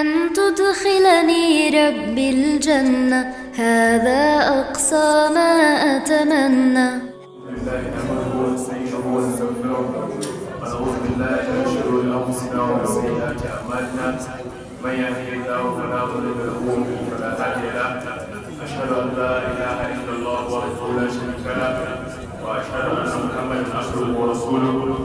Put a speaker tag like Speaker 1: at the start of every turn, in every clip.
Speaker 1: أن تدخلني ربي الجنة هذا أقصى ما أتمنى ونعوذ بالله من شرور أنفسنا ومن سيئات أعمالنا من يهده الله فلا مضل له فلا هادي له أشهد أن لا إله إلا الله وحده لا شريك له وأشهد أن محمدا عبده ورسوله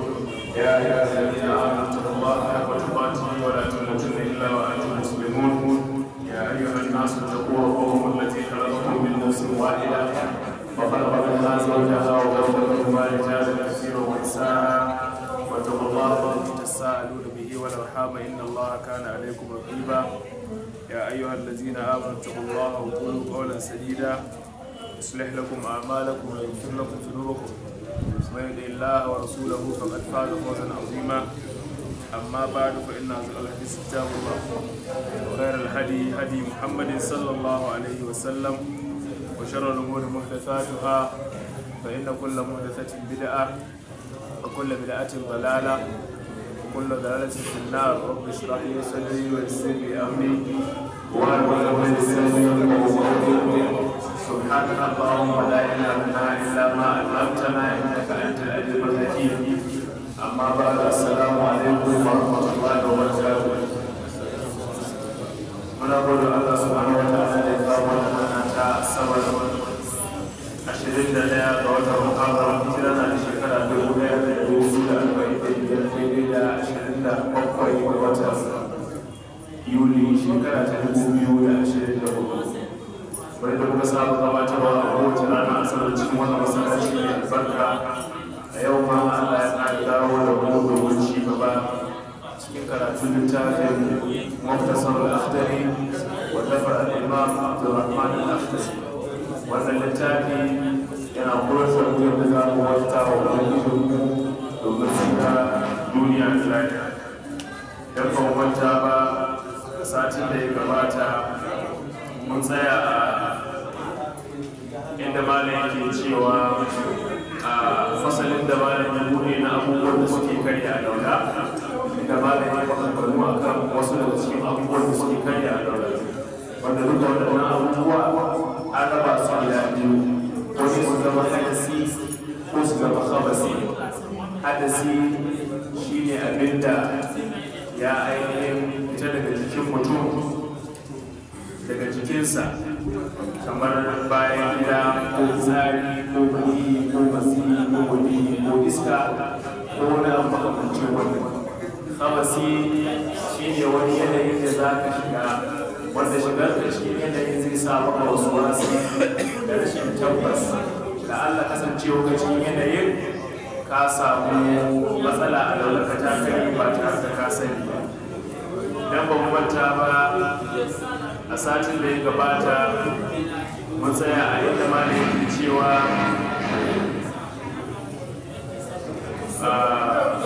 Speaker 1: يا أيها الذين آمنوا اتقوا الله حق تقاته ولا تموتن وأنتم مسلمون يا أيها الناس اتقوا ربكم التي خلقكم من نفس واحدة وخلق منها زوجها وبث منهما رجالا كثيرا ونساء واتقوا الله الذي تساءلون به والأرحام إن الله كان عليكم رقيبا يا أيها الذين آمنوا اتقوا الله وقولوا قولا سديدا يصلح لكم أعمالكم ويغفر لكم ذنوبكم ومن يطع الله ورسوله فقد فاز فوزا عظيما amma ba da fa ina zuwa alhadis tabuwa khair alhadi hadi muhammad sallallahu alaihi amma a da assalamu alaikum wa rahmatullahi wa barakatuh muna gode Allah subhanahu wa ta'ala da ya ba mu wannan ta sabar 21 ga watan Muharram hijira na da shekara 1445 da 27 ga watan Yuli shekara ta 2024 bari da muka saba gabatarwa a kowace rana a sanar cikin wannan masallaci mai albarka
Speaker 2: a yau ma Allah
Speaker 1: ya ƙara dawo da mu domin ci gaba cikin karatun littafin muftasar al-akhtari wallafa al-imam Abdulrahman al-Akhtari wannan littafi yana kurasa mutum da za mu wata wa ubangijin mu domin shiga duniya da lafiya dan ban ba satin da ya gabata mun tsaya a inda malam yake cewa a fasalin inda malam ya na abubuwan da suke karya a daura da malam ya a kan wasu daga cikin abubuwan da suke karya a daura wanda duk da waɗannan abubuwa an raba su gida biyu wani su zama hadasi ko su zama habasi hadasi shine abin da ya ainihin fita daga jikin mutum daga jikinsa kamar bayan gida ko tsari ko kuɗi ko basi ko kuɗi ko iska ko wani abu makamancin wani habasi shi ne wani yanayi da za ka shiga wanda shigar da shi yanayi zai sa maka wasu wasu da rashin tabbas da Allah kasancewa ka cikin yanayin ka samu matsala a laulaka ta kai ba tare ka sani ba. Dan ba mu ba a satin da ya gabata mun tsaya a yadda ma da yake cewa ah,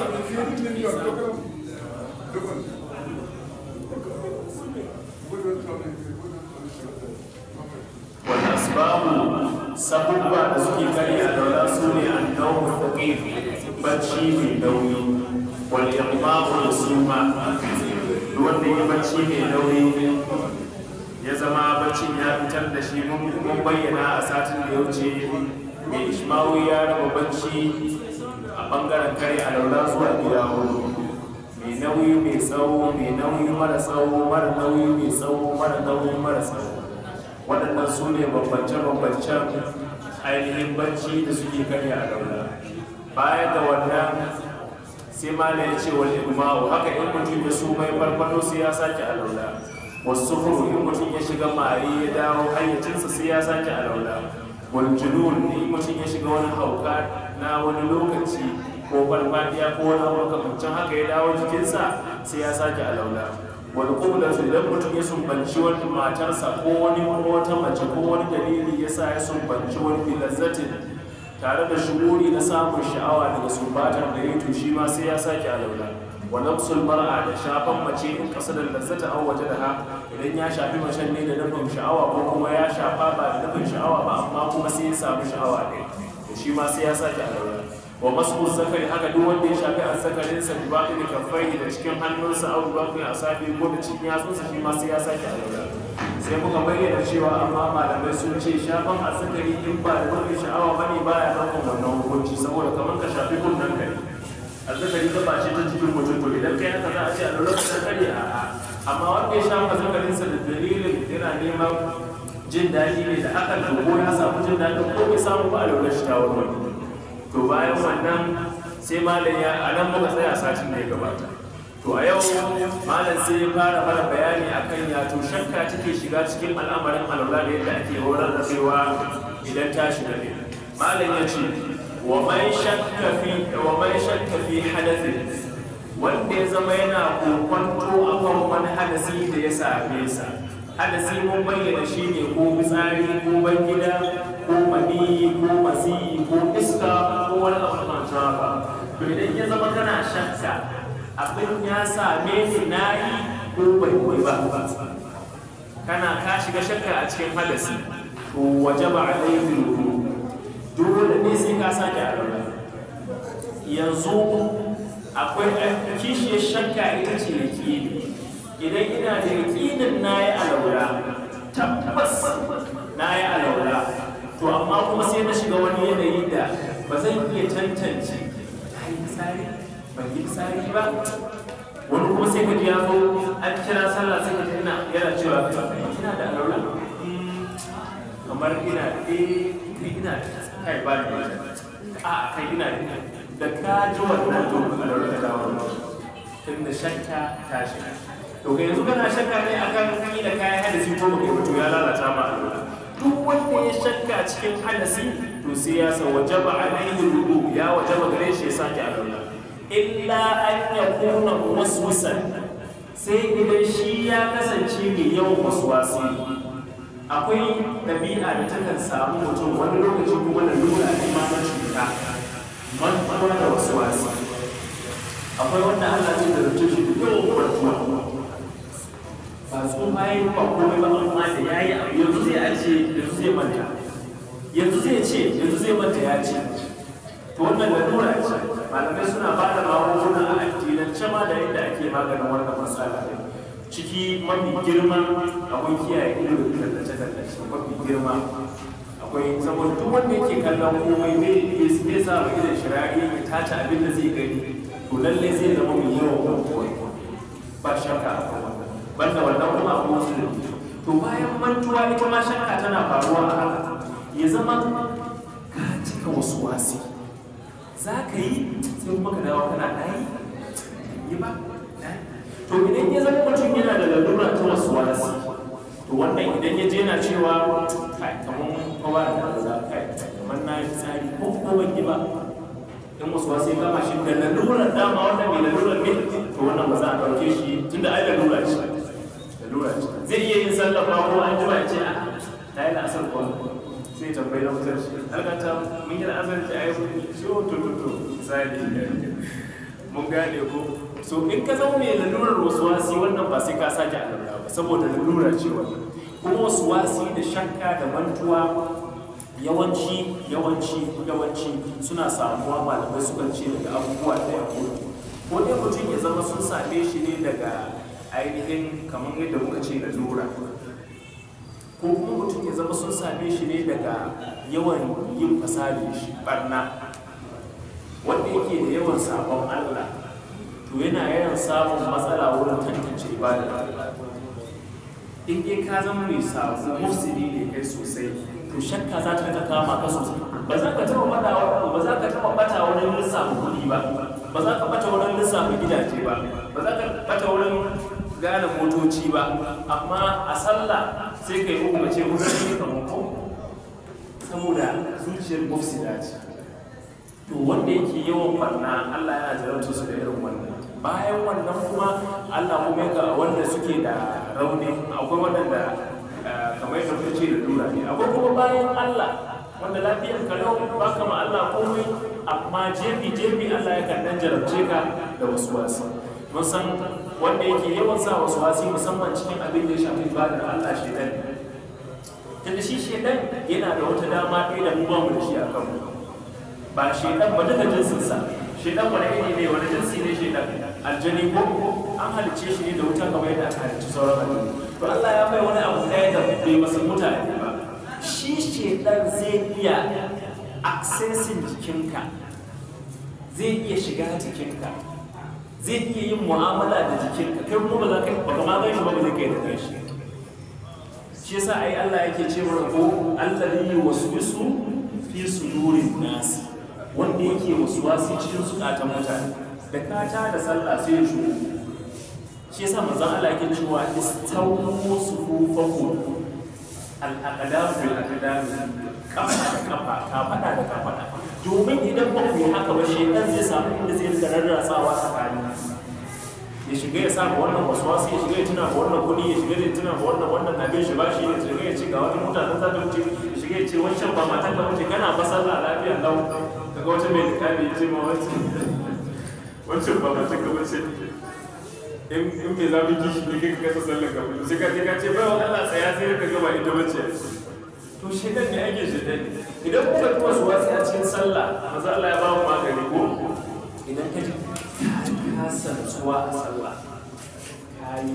Speaker 1: wanda su babu sabubba da suke kare a daula su ne a nau'in bacci mai nauyi wani bacci mai nauyi ya zama baccin ya fitar da shi mun bayyana a satin da ya wuce mai ishmawu ya raba bacci a bangaren kare a laura zuwa gida hudu mai nauyi mai tsawo mai nauyi mara tsawo mara nauyi mai tsawo mara nauyi mara tsawo waɗannan su ne bambance-bambancen ainihin bacci da suke kare a laura baya ga wannan sai mala ya ce wani kuma haka in mutum ya su mai farfado sai ya sake alaula wasu huru in mutum ya shiga mari ya dawo hayyacinsa sai ya sake alaula wal junun in mutum ya shiga wani hauka na wani lokaci ko farfadiya ko wani hauka makamancin haka ya dawo jikinsa sai ya sake alaula wani kuma su idan mutum ya sumbanci wani matarsa ko wani wata mace ko wani dalili ya sa ya sumbanci wani filazzatin tare da shuguri na samun sha'awa daga sumbatar da ya shi ma sai ya sake alaula wannan nafsul a da shafan mace in kasa da ta an waje da ha idan ya shafi macen ne da nufin sha'awa ko kuma ya shafa ba da nufin sha'awa ba amma kuma sai ya samu sha'awa ne da shi ma sai ya sake alaula wa masu zakari haka duk wanda ya shafi a zakarinsa sa baƙi da kafai da cikin hannunsa abubuwan a safe ko da cikin yatsunsa shi ma sai ya sake alaula sai muka bayyana cewa amma malamai sun ce shafan asakari in ba da wani sha'awa ba ne baya ɗaukan wannan hukunci saboda kamar ka shafi kunnan kai asakari ta ba ce ta jikin mutum to idan kai haka za a ce a lura da a amma wanda ya shafa asakarinsa da dalilin yana neman jin daɗi ne da haka to ko ya samu jin daɗi ko ya samu ba a lura shi ta wani to bayan wannan sai malam ya a nan muka tsaya satin da ya gabata to a yau malam sai ya fara mana bayani akan ya to shakka take shiga cikin al'amarin alwala da yadda ake horar da cewa idan ta shiga ne malam ya ce wa mai shakka fi wa shakka fi wanda ya zama yana kokonto akan wani hadasi da ya same sa hadasi mun bayyana shine ko fitsari ko ban gida ko mani ko masi ko iska ko wani abu kan to idan ya zama kana shakka abin ya same ni na yi ko bai koyi ba kana ka shiga shakka a cikin hadasi to waje ba a yi wuri dole ne sai ka ke a yanzu akwai kishiyar shakka ita ce ne. idan ina da yaƙinin na yi alaura, tabbas na yi alaura, to amma kuma sai na shiga wani yanayi da ba zan iya tantance ta yi tsari ban yi tsari ba wani kuma sai ka ya zo an kira sallah sai ka ina yana cewa ina da alaula hmm, kamar ina eh ina kai ba ni a kai ina da ka ji wannan to ka alaula da wannan tun da shakka ta shiga to ga yanzu kana shakka ne akan kai da kayan hadisi ko ba mutu ya lalata ma duk wanda ya shakka cikin hadisi to sai ya sa wajaba alaihi rubu ya wajaba gare shi ya sake alaula illa an ya kuna waswasan sai idan shi ya kasance mai yawan waswasi akwai ɗabi'a da takan samu mutum wani lokacin kuma da nuna ima na cuta mantuwa da waswasi akwai wanda Allah ce da rute shi yawan mantuwa ba su ya yi ba komai ba amma da ya yi abu yanzu zai ce yanzu zai manta yanzu zai ce yanzu zai manta ya ce to wannan da nuna ce malamai suna ba da magunguna a addinance ma da yadda ake maganin wannan matsala ne ciki mafi girma akwai kiyaye ilimin tallace tallace mafi girma akwai saboda duk wanda yake kallon komai ne sa mu gidan shirari ya tace abin da zai gani to lalle zai zama mu yawan kawai ba shakka akwai Ban banda wannan kuma akwai wasu da to bayan mantuwa ita ma shakka tana faruwa a haka ya zama ka cika wasu wasi za ka yi sai kuma ka dawo kana ɗayi yi ba to idan ya zama mutum yana da lalura ta wasu wasi to wannan idan ya je yana cewa kai kamar kowa da za kai kamar na yi tsari ko ko ban yi ba in wasu wasi ba ma shi da lalurar
Speaker 2: dama wannan mai lalurar
Speaker 1: ne to wannan ba za a ɗauke shi tunda ai lalura ce lalura ce zai iya yin sallah ba ko an ji ba ya ce a ta yi la'asar ko sai tambayi shi. alƙata mun yi la'azar da ai mun ciwo to to to misali mun gane ko so in ka zama mai lalurar wasuwasi wannan ba sai ka sake alura ba saboda lalura ce wannan kuma wasuwasi da shakka da mantuwa yawanci yawanci yawanci suna samuwa malamai sukan ce daga abubuwa ɗaya ko ko dai mutum ya zama sun same shi ne daga ainihin kamar yadda muka ce lalura ko kuma mutum ya zama sun same shi ne daga yawan yin fasali shi barna wanda yake da yawan sabon Allah to yana yawan samun matsala wurin tantance ibada in dai ka zama mai sabon musulmi ne kai sosai to shakka za ta ta kama ka sosai ba za ka taba bata ba za ka taba bata wurin lissafa kuɗi ba ba za ka bata wurin lissafa gidaje ba ba za ka bata wurin gane motoci ba amma a sallah sai ka yi ce wasu ne kamar saboda zuciyar mafsida ce to wanda yake yawan barna Allah yana jarabta su da irin wannan bayan wannan kuma Allah kuma ga wanda suke da rauni akwai waɗanda eh, kamar yadda kuka ce da dura ne akwai kuma bayan Allah wanda lafiyar ka lau ba ka Allah komai amma jefi jefi Allah ya kan dan jarabce ka da wasu wasu mun wanda yake yawan sa wasu wasi musamman cikin abin da ya shafi ibadar Allah shedan tunda shi dan yana da wata dama ɗaya da mu ba mu shi a kanmu ba dan ba duka shi dan wani iri ne wani jinsi ne dan aljani ko an halice shi ne da wuta kamar yadda aka sauran aljani to Allah ya bai wani abu ɗaya da bai masa mutane ba shi dan zai iya aksesin jikinka zai iya shiga jikinka zai iya yin mu'amala da jikinka kai kuma ba za ka ba ma gan shi ba zai kai da kai shi shi yasa ai Allah yake ce mana ko allazi yuwaswisu fi sudurin nas wanda yake wasuwasi cikin zukatan mutane da kata da sallah sai ya shigo shi yasa manzon Allah yake cewa istawu sufufakum al-aqdam bil aqdam kafa da kafa ka fada da ka domin idan ba ku yi haka ba ɗan zai samu inda zai rika rarrasawa tsakani ya shiga ya sa wannan wasu ya shiga ya tuna ga wannan kuɗi ya shiga ya tuna ga wannan wannan na bin shi ba shi ya shiga ya ce ga wata mota ta zata ya shiga ya ce wancan ba matan ka wuce kana ba sallah lafiya lau daga wata mai likafi ya ce ma wancan wancan ba matan ka wuce in za zafi kishi ne kai ka kasa sallar ka wuce sai ka ce ba wa Allah tsaya sai ka gaba ita wacce to shaidan ne ake ne idan kuka ji su wasu a cikin sallah maza Allah ya ba mu magani ko idan ka ji ka santsuwa a sallah ka yi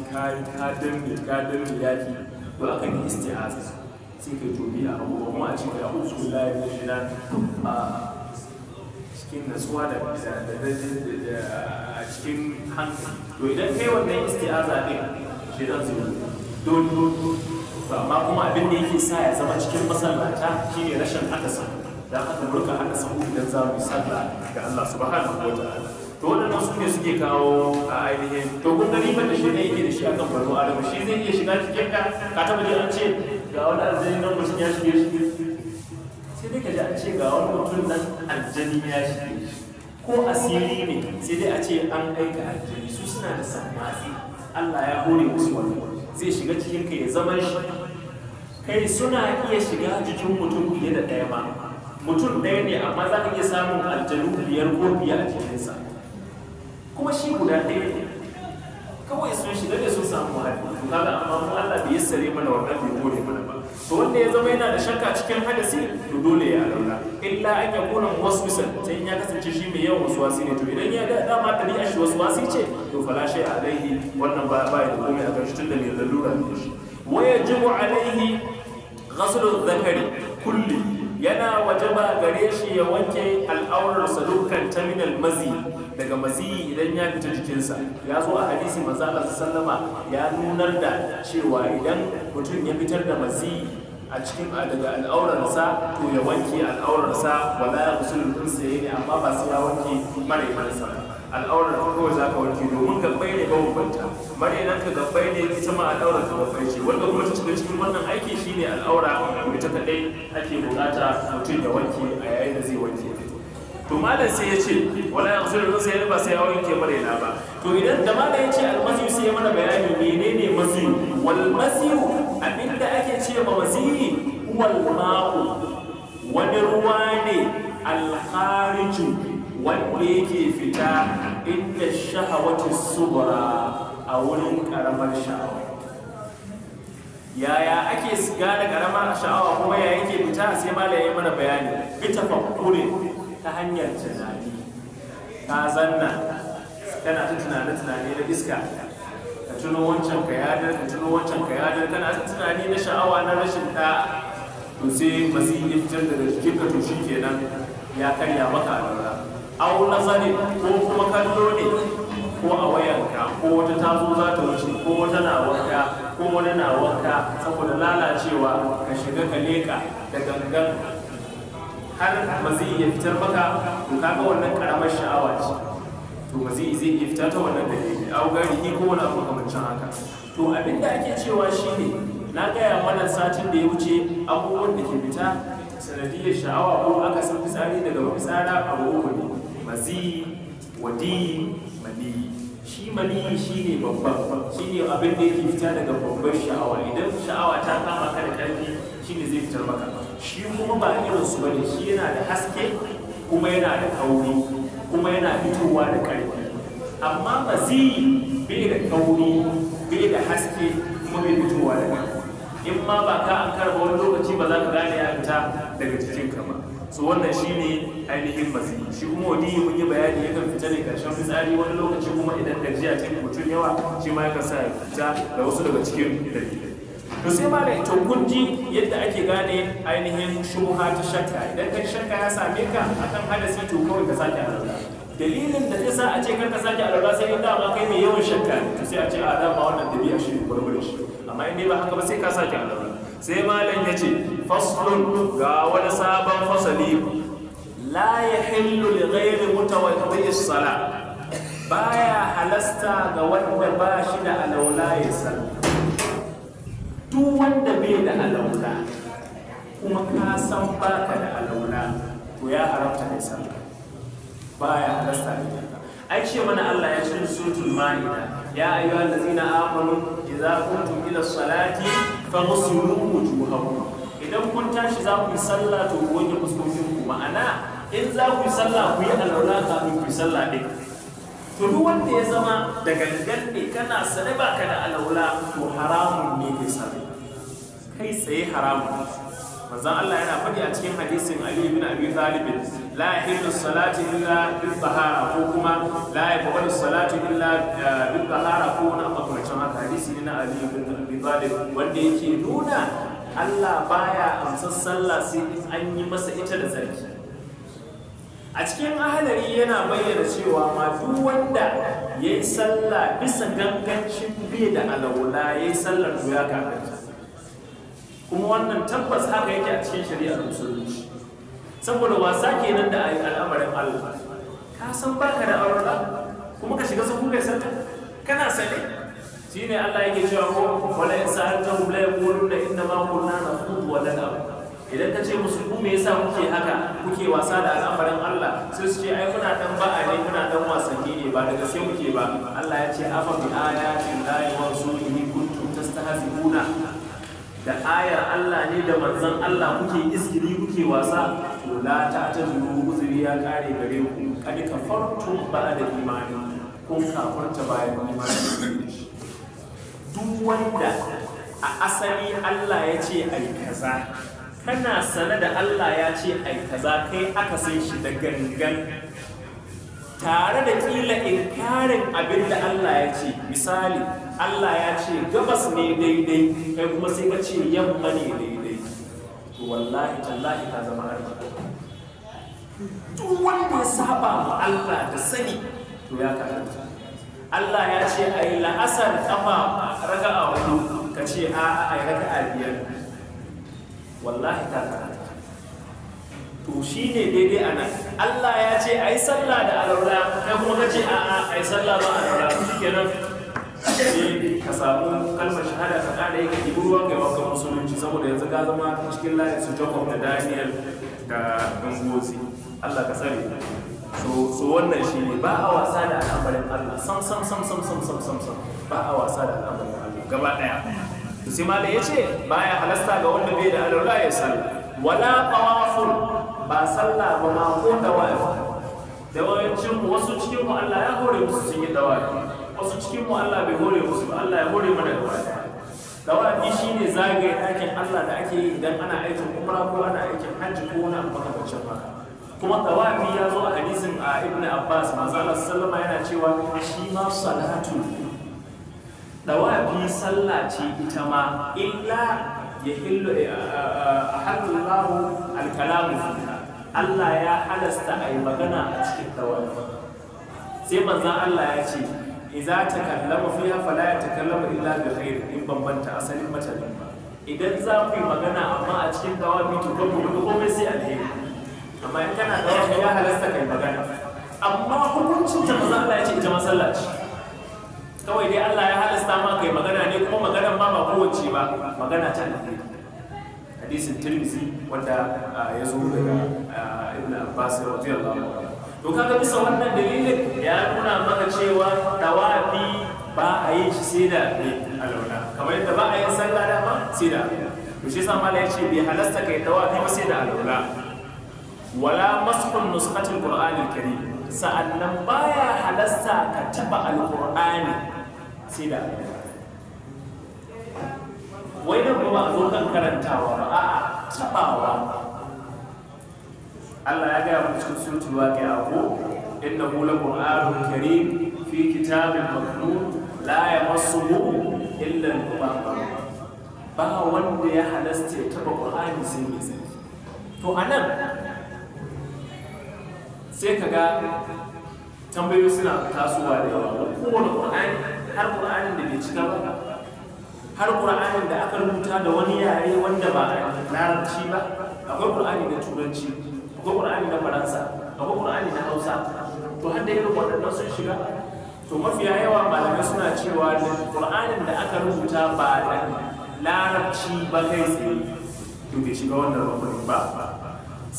Speaker 1: ka danne ka danne yaki ba aka yi isti'aza sai ka tobi a abu kuma a cikin ya su la da shi na a cikin nasuwa da da da a cikin hankali to idan kai wannan isti'aza din shaidan zai don ba amma kuma abin da yake sa ya zama cikin masallata shine rashin akasin dan aka murka akasin idan za mu sallah ga Allah subhanahu ta'ala to wannan su ne suke kawo a ainihin to kun gani ba da shi ne yake da shi akan a rubu shi zai iya shiga cikin ka ka taba ji an ce ga wani aljani nan mutum ya shige shi sai dai ka ji an ce ga wani mutum nan aljani ya shige ko asiri ne sai dai a ce an aika aljani su suna da sammasi Allah ya hore musu wannan zai shiga cikin ka ya zama shi kai suna iya shiga jikin mutum fiye da ɗaya ma mutum ɗaya ne amma za ka iya samun aljanu biyar ko biyar a jikinsa kuma shi guda ɗaya ne kawai sun shiga da sun samu hali kaga amma Allah bai sare mana wannan bai gode mana to wanda ya zama yana da shakka cikin hadasi to dole ya alaula illa an ya kuna waswisan sai ya kasance shi mai yawan wasi ne to idan ya ga dama ta shi wasu wasi ce to fala a alaihi wannan ba ba da komai a kan shi tunda mai lalura ne shi wa yajibu alaihi ghaslu dhakari kulli yana wajaba gare shi ya wanke al'aurarsa ta taminal mazi daga mazi idan ya fita jikinsa ya zo a hadisi manzala sallama ya nunar da cewa idan mutum ya fitar da mazi a cikin daga al'aurarsa to ya wanke al'aurarsa wala ya musulun sai ne amma ba sai ya wanke mara imansa ba al'aurar ko za ka warke domin gabbai ne ba banta maryanan ka gabbai ne ita ma al'aurar ka gabbai ce wanda kuma cikin cikin wannan aiki ne al'aura ita kaɗai ake bukata mutum ya wanke a yayin da zai wanke to malam sai ya ce wala ya kusur da ba sai ya wanke maraina ba to idan da malam ya ce almasiyu sai ya mana bayani menene masiyu wal masiyu abinda ake ce ma masiyi wal ma'u wani ruwa ne alhariju wanda yake fita inda shahawati subura a wurin karamar sha'awa yaya ake gane karamar sha'awa kuma ya yake fita sai malam ya mana bayani fita fakure ta hanyar tunani ka zanna kana ta tunani tunani na iska ka tuno wancan ka yadar ka tuno wancan ka yadar kana ta tunani na sha'awa na rashin ta. to sai masu yi fitar da jikinka to shi kenan ya karya maka a au nazarin ko kuma kallo ne ko a wayanka ko wata tazo za ta wuce ko wata na wanka ko wani na wanka saboda lalacewa ka shiga ka leka da gangan har ba zai iya fitar maka to kaga wannan karamar sha'awa ce to ba zai iya fita ta wannan dalili au gari ko wani abu makamancin haka to abin da ake cewa shine na gaya mana satin da ya wuce abubuwan da ke fita sanadiyar sha'awa ko aka san fitsari daga mafitsara a wuri mazi wadi mali shi mali shi ne babban shi ne abin da yake fita daga babban sha'awa idan sha'awa ta kama ka da ƙarfi shi ne zai fitar maka shi kuma ba irin su bane shi yana da haske kuma yana da kauri kuma yana fitowa da ƙarfi amma mazi bai da kauri bai da haske kuma bai fitowa da ƙarfi in ma ba ka an karba wani lokaci ba za ka gane ya fita daga jikinka ba Su wannan shi ne ainihin yi. shi kuma wadiyi mun yi bayani yakan fita ne karshen fitsari wani lokaci kuma idan gajiya ta mutum yawa shi ma yakan sa Ta fita da wasu daga cikin dalilai to sai ma da kun kunji yadda ake gane ainihin shuha ta shakka idan kai shakka ya same ka akan hadasi to kawai ka sake alwala dalilin da zai sa a ce kan ka sake alwala sai in dama kai mai yawan shakka to sai a ce a dama wannan dabi'a shi ne gurgurin shi amma in ba haka ba sai ka sake alwala sai malam ya ce faslun ga wani sabon fasali la ya hillu li ghairi mutawaddi sala baya halasta ga wanda ba shi da alaula ya sallah duk wanda bai da alaula kuma ka san ka da alaula to ya haramta da Ba baya halasta da ai ce mana Allah ya ce suratul maida ya ayyuhallazina amanu idza kuntum ila salati faghsulu wujuhakum idan kun tashi za ku yi sallah to ku wanke fuskokin ku ma'ana in za ku yi sallah ku yi alwala kafin ku yi sallah din to duk wanda ya zama da gangan ne kana sane ba ka da alwala to haramun ne ke sani kai tsaye haramun manzon Allah yana faɗi a cikin hadisin Ali ibn Abi Talib la yahillu salatu illa bil tahara ko kuma la yahillu salatu illa eh, bil tahara ko wani kuma haka hadisi ne na Ali ibn Abi Talib wanda yake nuna Allah baya amsar sallah sai in an yi masa ita da tsarki a cikin ahalari yana bayyana cewa ma duk wanda ya yi sallah bisa gangancin bai da alawala ya yi sallar to ya kafarta kuma wannan tabbas haka yake a cikin shari'ar musulunci saboda wasa kenan da al'amarin Allah ka san baka da aurata kuma ka shiga sun kai santa kana sane shine Allah yake cewa ko wala in sa'altahum la yaquluna inna ma na nakhudhu wa nal'ab idan ka ce musu ku me yasa kuke haka kuke wasa da al'amarin Allah sai su ce ai kuna dan ba'a ne kuna dan wasanni ne ba daga sai muke ba Allah ya ce afa bi ayatin lahi wa rasulihi kuntum tastahzi'una da ayar Allah ne da manzon Allah kuke iskiri kuke wasa to la ta ta zuru uzuri ya kare gare ku kadi ka farto ba da imani kun kafarta bayan imani duk wanda a asali Allah ya ce ai kaza kana sane da Allah ya ce ai kaza kai aka san shi da gangan tare da kila inkarin abin da Allah ya ce misali Allah ya ce gabas ne daidai kai kuma sai ka ce yamma ne daidai to wallahi tallahi ka zama arziki duk wanda ya saba ma Allah da sani to ya karanta Allah ya ce a yi la'asar kafa raka a hudu ka ce a a yi raka a biyar wallahi ta karanta to shi ne daidai a nan Allah ya ce a yi sallah da alaura kai kuma ka ce a a a yi sallah ba alaura kenan sai ka samu kalmar shahada ka kada yi ka ɗibi ruwan kai musulunci saboda yanzu ka zama cikin layin su Jacob da Daniel da Gangozi Allah ka tsare so wannan shi ne ba a wasa da al'amarin Allah sam sam sam sam sam sam sam sam ba a wasa da al'amarin Allah gaba daya to sai malai yace baya halasta ga wanda bai da alwala ya sallah wala tawaful ba sallah ba ma ko dawafi yawancin wasu cikin mu Allah ya hore musu sun yi dawafi wasu cikin mu Allah bai hore musu ba Allah ya hore mana gaba shi shine zagaye ɗakin Allah da ake yi idan ana aikin umra ko ana aikin hajji ko wani abu makamancin ba kuma dawafi ya zo a hadisin a Ibn Abbas manzo Allah sallama yana cewa shi ma salatu dawafi sallah ce ita ma illa ya yahillu eh, ahallallahu alkalamu Allah ya halasta a yi magana a cikin dawafi sai manzan Allah ya ce idza takallama fiha fala yatakallamu illa bi khair in bambanta asalin matanin ba idan za ku yi magana amma a cikin dawami to kan komai sai alheri amma in kana dawami ya halasta kai magana amma hukuncin ta manzo Allah ya ce ita masallaci kawai dai Allah ya halasta ma kai magana ne kuma magana ma ba kowace ba magana ta alheri hadisin tirmizi wanda ya zo daga ibn abbas radiyallahu anhu to kaga bisa wannan dalilin ya nuna maka cewa tawafi ba a yi shi sai da alwala kamar yadda ba a yi sallah da ba sai da to shi yasa ya yace bai halasta kai tawafi ba sai da alwala wala masqun nusqatil qur'ani karim sa'annan baya halasta ka taba alqur'ani sai da wai nan ba a zo kan karantawa ba a'a tabawa Allah ya gaya mu cikin suratul waqi'a ko innahu laqur'anun karim fi kitabin maknun la yamassuhu illa al-mubarrun ba wanda ya halasta ya taba qur'ani sai mai tsarki to anan sai kaga tambayoyi suna tasowa da yawa ko kowane qur'ani har qur'anin da bai cika ba har qur'anin da aka rubuta da wani yare wanda ba larabci ba akwai qur'ani da turanci ko qur'ani na faransa ko qur'ani na hausa to har da irin waɗannan sun shiga to mafiya yawa malamai suna cewa qur'anin da aka rubuta ba da larabci ba kai tsaye to bai shiga wannan rubutun ba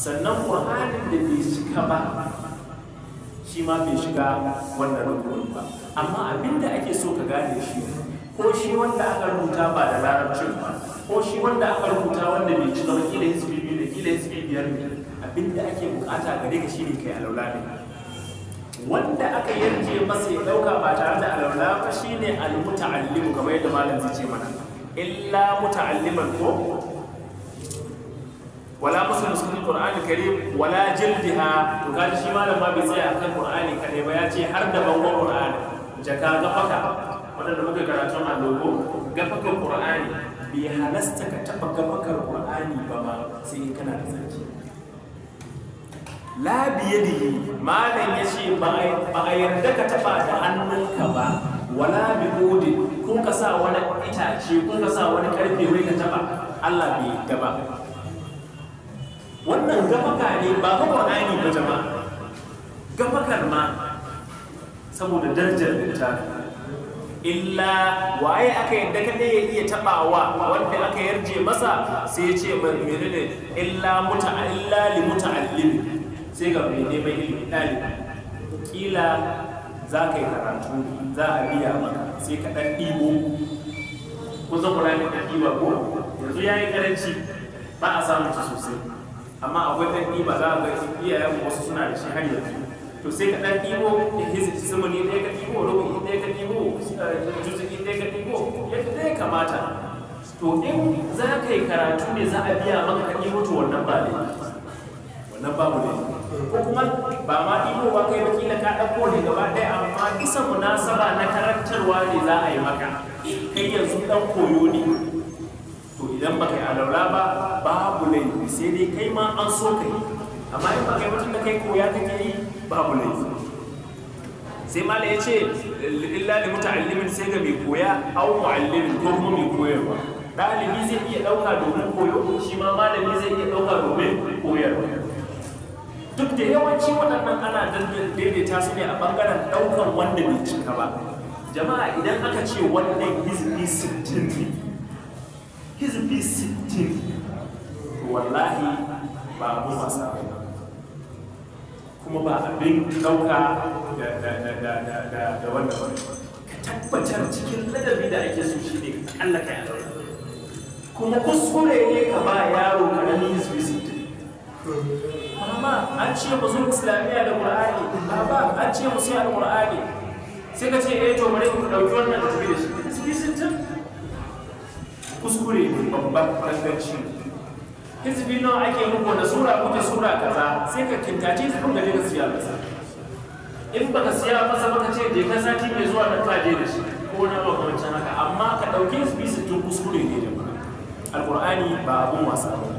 Speaker 1: sannan qur'anin da bai shiga ba shi ma bai shiga wannan rubutun ba amma abinda ake so ka gane shi ko shi wanda aka rubuta ba da larabcin ba ko shi wanda aka rubuta wanda bai ci ba kila hizbi biyu da kila hizbi biyar ne abin da ake bukata gare ka shine kai alaula ne wanda aka yarje masa ya dauka ba tare da alaula ba shine almuta'allimu kamar yadda malam zai ce mana illa muta'alliman ko wala musulun sunan qur'ani karim wala jildiha to kaji shi malam ma bai tsaya akan qur'ani kare ba ya ce har da bangon qur'ani jaka gafaka wadanda muka karatun allogo gafakan qur'ani bai halasta ka taba gafakar qur'ani ba ma sai kana da zaki. la yi malam ya ce ba a yarda ka taba da hannunka ba wala bi odin kun ka sa wani itace kun ka sa wani karfe wai ka taba Allah bai yarda ba wannan gafaka ne ba fa Qur'ani ba jama gafakar ma saboda darajar ta illa waye aka yadda ne ya iya taɓawa wanda aka yarje masa sai ya ce mai menene illa muta illa li allimi sai ga mai neman ilimi ɗalibi kila za ka yi karatu za a biya maka sai ka ɗan ɗibo kusa kurani ɗan ɗiba ko yanzu ya yi karanci ba a samun shi sosai amma akwai ɗan ɗiba za a ga iyayen wasu suna da shi har yanzu to sai ka ɗan ɗibo hiziki sama ne ɗaya ka ɗibo rubu ɗaya ka ɗibo eh, juzuki ɗaya ka ɗibo yadda ɗaya kamata to in za ka yi karatu ne za a biya maka ka ɗibo to wannan ba ne wannan babu ne ko kuma ba ma ido ba kai ba kila ka dauko ne gaba ɗaya amma isa munasaba na karantarwa ne za a yi maka kai yanzu ɗan koyo ne to idan ba kai alaura ba babu laifi sai dai kai ma an so kai amma in ba kai mutum da kai koya kake yi babu ne sai mala ya ce lillahi muta'allimin sai ga mai koya au mu'allimin ko kuma mai koyarwa ɗalibi zai iya ɗauka domin koyo shi ma malami zai iya ɗauka domin koyarwa duk da yawanci waɗannan ana daidaita su ne a ɓangaren ɗaukar wanda bai cika ba jama'a idan aka ce wannan hizbi sittin ne hizbi sittin to wallahi ba abin wasa ba kuma ba abin ɗauka da wanda ba ka tabbatar cikin ladabi da ake so shi ne ka kallaka yaro kuma kuskure ne ka ba yaro ƙaramin hizbi amma an ce mu zo islamiyya da qur'ani amma an ce mu sai alqur'ani sai ka ce eh to bari ku dauki wannan da tafi da shi kisitin kuskure babban farkanci hizbi nawa ake muku da sura kuke sura kaza sai ka kintace su kun gaje da siya masa in baka siya masa baka ce je ka sati mai zuwa da kaje da shi ko na makamancin haka amma ka dauke su bisu tun kuskure ne da ba alqur'ani ba abun wasa ba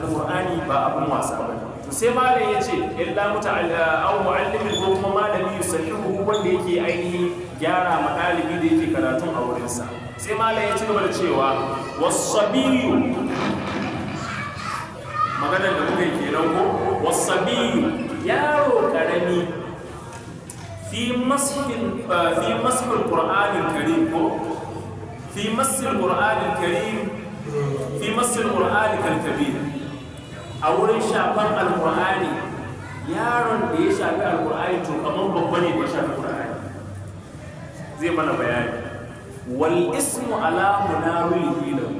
Speaker 1: alqur'ani ba abun wasa ba to sai malam ya ce illa muta'alla aw mu'allimin ko kuma malami yusallihu wanda yake ainihi gyara ma ɗalibi da yake karatun a wurinsa sai malam ya ci gaba da cewa wasabiyu maganar da muka yi nan ko wasabiyu yaro karami fi masfin fi masfin qur'anil karim ko fi masfin qur'anil karim fi masfin qur'anil kabir a wurin shafar alkur'ani yaron da ya shafi alkur'ani to kamar babba ne da shafi alkur'ani zai mana bayani wal ismu ala munawihi hilal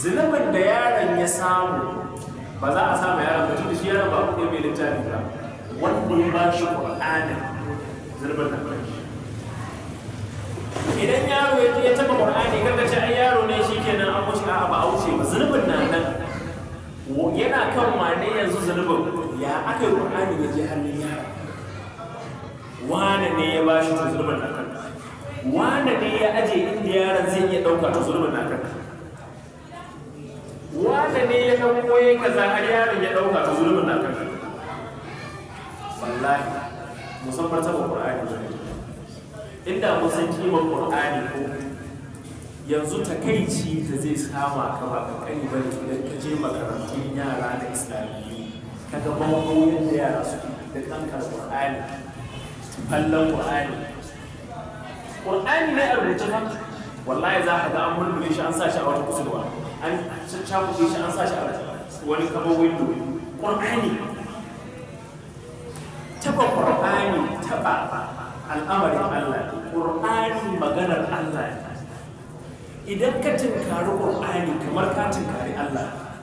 Speaker 1: zunubin da yaron ya samu ba za a samu yaron ba tun da shi yaron ba ku mai littafi ba Wani ya ba shi qur'ani zunubin da ba idan yaro ya taba qur'ani kaga ce ai yaro ne shikenan an mushi a ba wuce ba zunubin nan nan yana kan wane yanzu zunubin ya aka yi ƙur'ani ya ji hannun yara wane ne ya bashi to zunubin na kan wane ne ya aje inda yaran zai iya ɗauka ta zunubin na kan wane ne ya ɗauko ya kaza har yaron ya ɗauka ta zunubin na kan wallahi musamman saboda ƙur'ani inda mun san kimar ƙur'ani ko yanzu takaici da zai sama ka ba ka kani ba ne idan ka je makarantun yara da islamiyyu ka ga bango yadda yara suke da kankan qur'ani fallon qur'ani qur'ani ne a rubuce fa wallahi za ka ga an murmure shi an sa shi a wata kusurwa an cakuɗe shi an sa shi a wani kamar window qur'ani taba qur'ani taba al'amarin Allah qur'ani maganar Allah ne idan ka tinkari ƙur'ani kamar ka tinkari Allah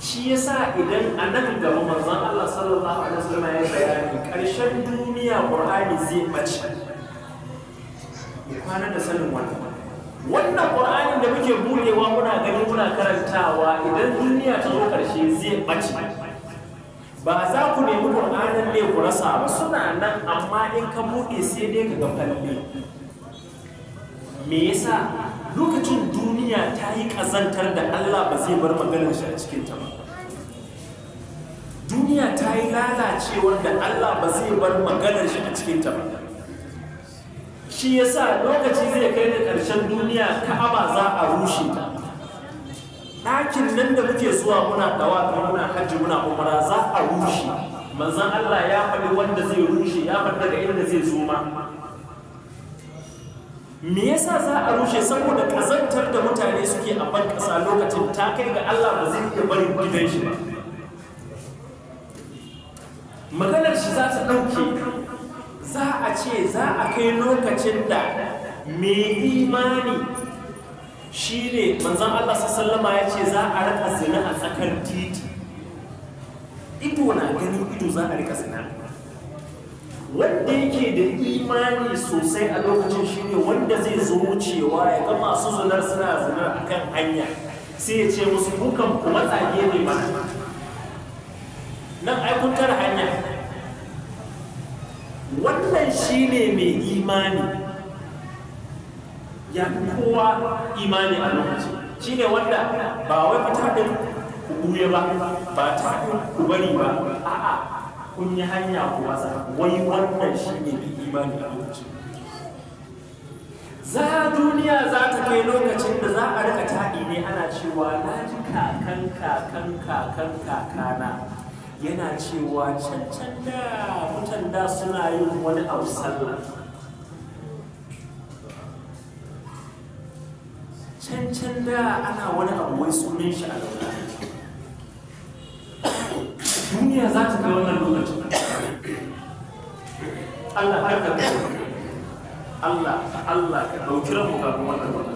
Speaker 1: shi yasa idan annabi gaba manzon Allah sallallahu alaihi wasallam ya bayani ƙarshen duniya ƙur'ani zai bace ya kwana da sanin wannan wannan ƙur'anin da muke bulewa muna gani muna karantawa idan duniya ta zo ƙarshe zai bace ba za ku nemi ƙur'anin ne ku rasa ba suna nan amma in ka buɗe sai dai ka ga falle me yasa lokacin duniya ta yi ƙazantar da Allah ba zai bar maganar shi a cikin ta ba duniya ta yi lalacewar da Allah ba zai bar maganar shi a cikin ta ba shi yasa lokaci zai kai da ƙarshen duniya ka'aba za a rushe ta ɗakin nan da muke zuwa muna dawa muna hajji muna umara za a rushe manzon Allah ya faɗi wanda zai rushe ya faɗi daga inda zai zo ma me yasa za a rushe saboda kazantar da mutane suke a ban ƙasa lokacin ta kai ga Allah ba zai iya barin gidan shi ba maganar shi za ta ɗauke za a ce za a kai lokacin da mai imani shi ne manzan Allah sallama ya ce za a raka zina a tsakar titi ido na ganin ido za a rika zina wanda yake da imani sosai a lokacin shi ne wanda zai zo wucewa ya ga masu zunar suna zunar a kan hanya sai ya ce musu kukan ku matsage ne ba nan ai tara hanya wannan shi ne mai imani ya kowa imani a lokaci shi ne wanda ba wai fitar da ku ba ba ta ku bari ba a'a kun yi hanya ku watsa wai wannan shi ne bi imani a lokacin za duniya za ta kai lokacin da za a rika taɗi ne ana cewa na ji kakan kakan kakan kakana yana cewa cancan da mutan da suna yin wani abu sallah cancan da ana wani abu wai sunan shi a laulaye duniya za ta ga wannan lokacin Allah har da Allah Allah ka dauki kuma da wannan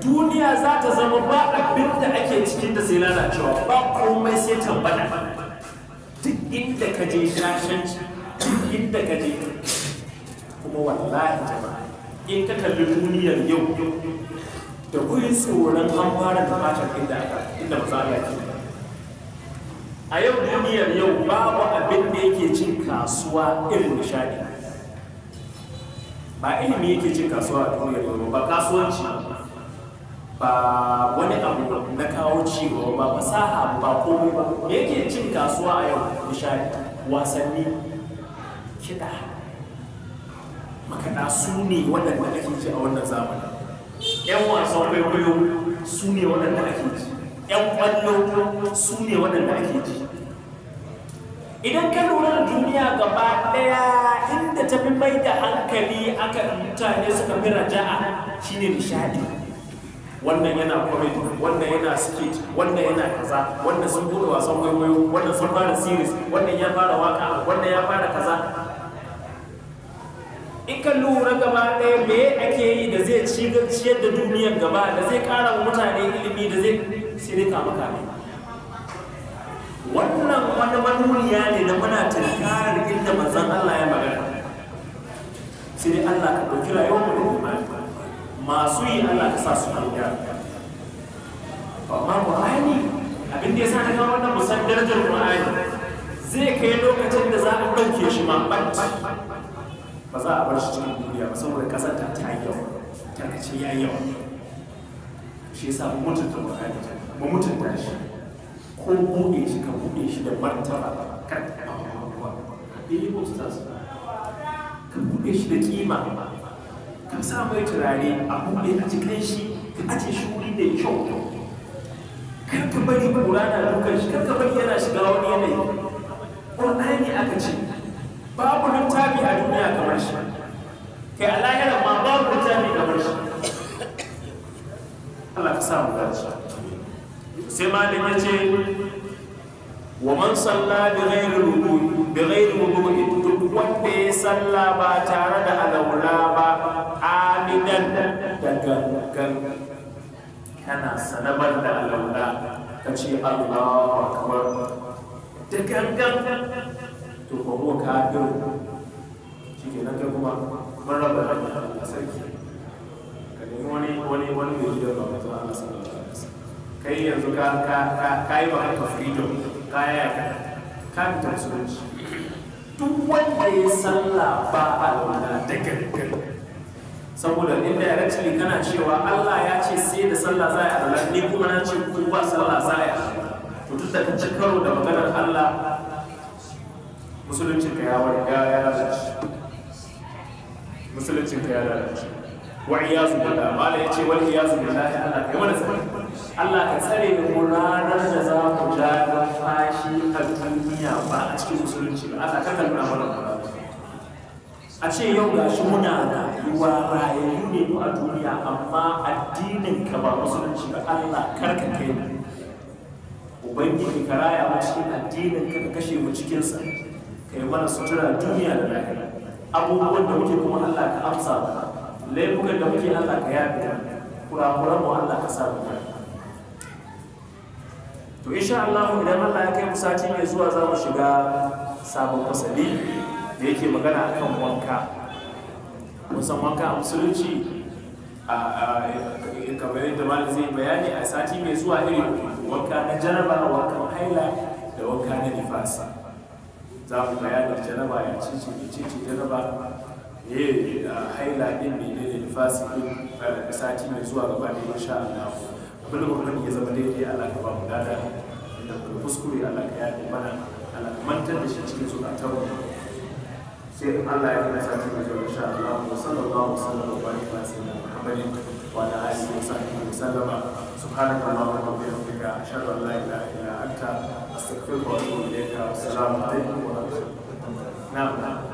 Speaker 1: duniya za ta zama ba abin da ake cikin da sai lalacewa ba komai sai tambana duk inda ka je shashanci duk inda ka je kuma wallahi jama'a in ka kalli duniyar yau da kuyi tsoron an fara da tumatar inda aka inda ba za a yi ba. a yau duniyar yau babu abin da yake cin kasuwa irin nishadi ba ilimi yake cin kasuwa a duniyar yau ba kasuwanci ba wani abu na kawo ciwo ba fasaha ba komai ba yake cin kasuwa a yau nishadi wasanni kiɗa Makana su ne waɗanda ake ji a wannan zamanin 'yan wasan kwaikwayo su ne waɗanda ake ji 'yan kwallo su ne waɗanda ake ji idan ka lura da duniya gaba ɗaya inda ta fi mai da hankali aka mutane suka fi raja'a shine nishadi wannan yana comedy wannan yana skit wannan yana kaza wannan sun buɗe wasan waiwayo wannan sun fara series wannan ya fara waka wannan ya fara kaza in ka lura gaba ɗaya me ake yi da zai ciyar da duniyar gaba da zai ƙara wa mutane ilimi da zai sai dai kame
Speaker 2: wannan wani
Speaker 1: manuniya ne na muna tunkarar inda manzon Allah ya magana sai dai Allah ka ɗauki rayuwar mu da masu yi Allah ka sa su amma Qur'ani abin da ya sa na wannan musaddar da Qur'ani zai kai lokacin da za a ɗauke shi ma ba za a bar shi cikin duniya ba saboda ƙasar ta ta yawa ta ce ya yawa shi yasa mu mutunta Qur'ani mu mutunta shi ko buɗe shi ka buɗe shi da martaba kar ka hawa eh ustaz ka buɗe shi da kima ka sa mai turare a buɗe a cikin shi ka aje shi wuri da kyau kar ka bari kura na dukan shi kar ka bari yana shiga wani yanayi Qur'ani aka ce babu littafi a duniya kamar shi kai a ma babu littafi kamar shi Allah ka sa dace sai malam ya ce wa man salla bi ghairi wudu'i bi ghairi wudu'i duk wanda ya salla ba tare da alaula ba amidan da gangan kana sanabar da alaula ka ce Allahu akbar da gangan to ko ka shi ke nan kuma mun raba a sarki domin wani wani wani mai zuwa ba ta Allah sallallahu alaihi kai yanzu ka ka ka yi magana ta freedom ka yaya ka ka fita musulunci duk wanda ya sallah ba alwala da gangan saboda inda ya rantsi kana cewa Allah ya ce sai da sallah za a yi alwala ni kuma na ce ku ba sallah za a yi to duk da ka ci karo da maganar Allah musuluncin ya warga ya lalace musuluncin ka ya lalace wa iyasu billah mala yace wal iyasu billahi Allah kai mana tsare Allah ka tsare mu ranar da za mu ja fashi a duniya ba a cikin musulunci ba Allah ka kalmar mana a ce yau ga shi muna da yiwa rayayyu ne mu a duniya amma addinin ka ba musulunci ba Allah karka kai mu ubangiji ka raya mu cikin addinin ka ka kashe mu cikin sa kai mana sutura duniya da lafiya abubuwan da muke kuma Allah ka amsa ba laifukan da muke Allah ka yafe kurakuran mu Allah ka sa mu to insha Allah idan Allah ya kai mu sati mai zuwa za mu shiga sabon fasali da yake magana akan wanka musan wanka a musulunci A kamar yadda malam zai bayani a sati mai zuwa irin wanka na jaraba na haila da wanka na nifasa za mu bayani jaraba ya cici cici jaraba eh haila din menene nifasi din sati mai zuwa gaba Allah abin da mutum ya zama daidai Allah ka ba mu da kuma kuskure Allah ka yaɗe mana Allah ka mantar da shi cikin zukatan mu sai in Allah ya sati mai zuwa Allah sallallahu alaihi wa Muhammadin wa ala alihi wa sahbihi wa sallam subhanaka allahumma wa bihamdika ashhadu an la ilaha illa anta astaghfiruka wa atubu wa assalamu alaikum wa rahmatullahi wa barakatuh na'am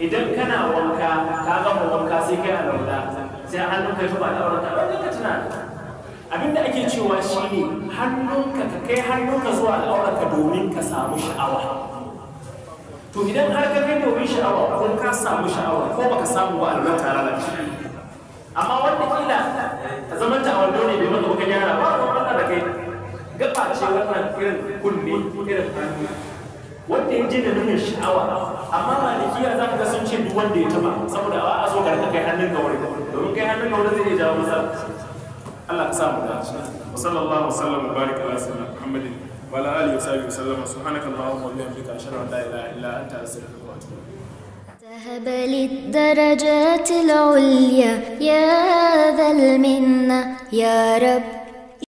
Speaker 1: idan kana wanka ka gama wanka sai kai alwala sai hannun ka zuba da auren ka ka tuna abinda ake cewa shine hannunka ka kai hannunka zuwa al'aurar domin ka samu sha'awa to idan har ka kai domin sha'awa ko ka samu sha'awa ko baka samu ba Allah ta shi amma wanda kila ka zamanta ta wando ne bai maka baka gyara ba wannan da kai gaba ce wannan irin kunne irin hannu wanda ya je da nuna sha'awa amma malikiya za ka ga sun ce duk wanda ya taba saboda ba a so ka kai hannun ka domin kai hannun ka zai iya jawo masa Allah ka sa mu shi wa sallallahu wasallam wa baraka ala sayyidina Muhammadin wa ala alihi wa sahbihi sallam subhanaka allahumma wa bihamdika ashhadu an la ilaha illa anta astaghfiruka wa atubu ذهب للدرجات العليا يا ذا المنة يا رب